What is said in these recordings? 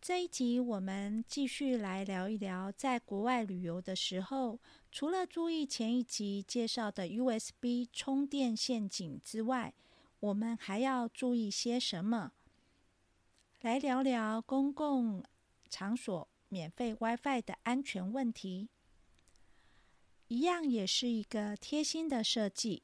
這一集我們繼續來聊一聊，在國外旅遊的時候，除了注意前一集介紹的 USB 充電陷阱之外，我們還要注意些什麼？來聊聊公共場所免費 WiFi 的安全問題。一樣也是一個貼心的設計。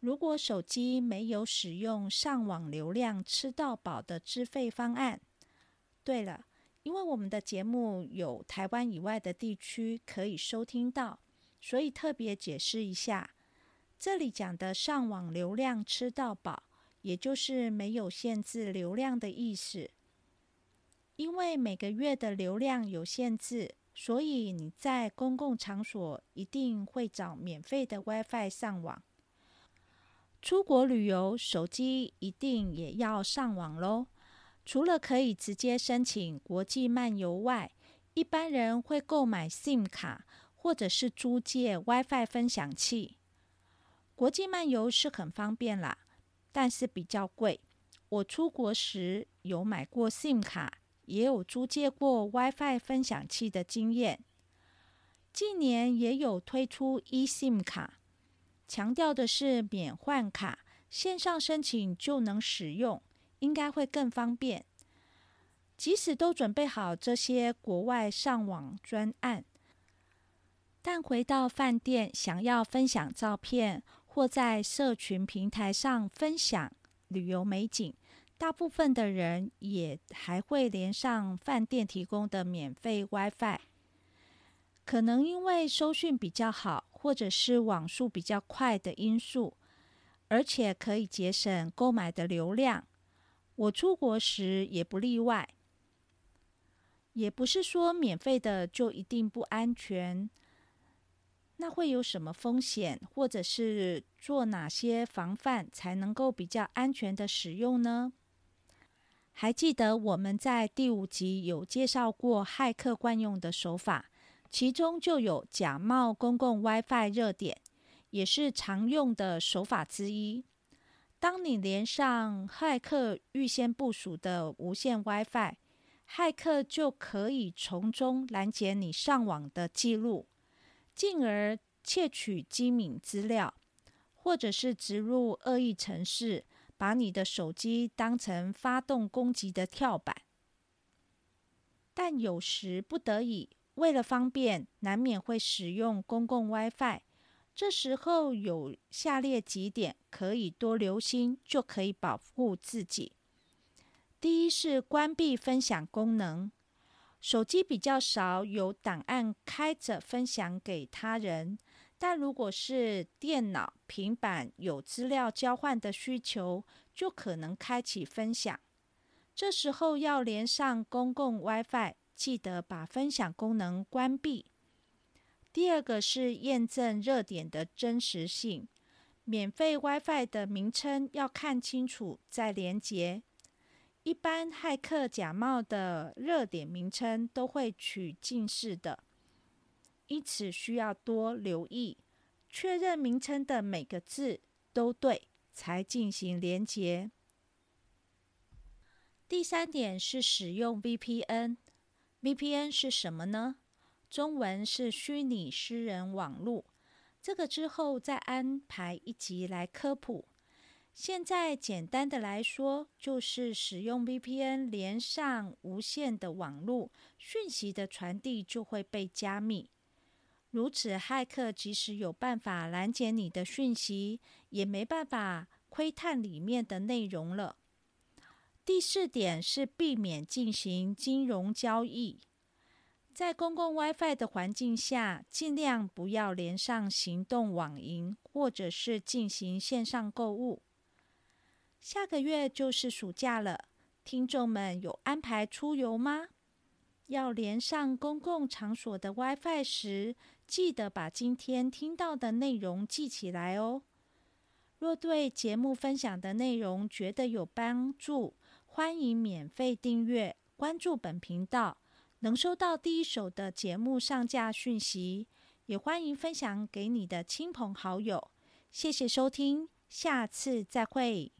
如果手機沒有使用上網流量吃到飽的資費方案，對了，因為我們的節目有台灣以外的地區可以收聽到，所以特別解釋一下，這裡講的上網流量吃到飽，也就是沒有限制流量的意思。因為每個月的流量有限制，所以你在公共場所一定會找免費的 Wi-Fi 上網。出國旅遊，手機一定也要上網嘍。除了可以直接申請國際漫遊外，一般人會購買 SIM 卡，或者是租借 Wi-Fi 分享器。國際漫遊是很方便啦，但是比較貴。我出國時有買過 SIM 卡，也有租借過 Wi-Fi 分享器的經驗。近年也有推出 eSIM 卡，強調的是免換卡，線上申請就能使用。應該會更方便。即使都準備好這些國外上網專案，但回到飯店，想要分享照片或在社群平台上分享旅遊美景，大部分的人也還會連上飯店提供的免費 Wi-Fi。可能因為收訊比較好，或者是網速比較快的因素，而且可以節省購買的流量。我出國時也不例外，也不是說免費的就一定不安全。那會有什麼風險，或者是做哪些防範才能夠比較安全的使用呢？還記得我們在第五集有介紹過駭客慣用的手法，其中就有假冒公共 Wi-Fi 熱點，也是常用的手法之一。當你連上駭客預先部署的無線 WiFi，駭客就可以從中攔截你上網的記錄，進而竊取機敏資料，或者是植入惡意程式，把你的手機當成發動攻擊的跳板。但有時不得已，為了方便，難免會使用公共 WiFi。這時候有下列幾點可以多留心，就可以保護自己。第一是關閉分享功能。手機比較少有檔案開着分享給他人，但如果是電腦、平板有資料交換的需求，就可能開啟分享。這時候要連上公共 Wi-Fi，記得把分享功能關閉。第二個是驗證熱點的真實性，免費 Wi-Fi 的名稱要看清楚再連接。一般駭客假冒的熱點名稱都會取近似的，因此需要多留意，確認名稱的每個字都對才進行連接。第三點是使用 VPN，VPN VPN 是什麼呢？中文是虛擬私人網絡，這個之後再安排一集來科普。現在簡單的來說，就是使用 VPN 連上無線的網絡，訊息的傳遞就會被加密。如此，駭客即使有辦法攔截你的訊息，也沒辦法窺探裡面的內容了。第四點是避免進行金融交易。在公共 WiFi 的環境下，儘量不要連上行動網銀，或者是進行線上購物。下個月就是暑假了，聽眾們有安排出遊嗎？要連上公共場所的 WiFi 時，記得把今天聽到的內容記起來哦。若對節目分享的內容覺得有幫助，歡迎免費訂閱，關注本頻道。能收到第一手的節目上架訊息，也歡迎分享給你的親朋好友。謝謝收聽，下次再會。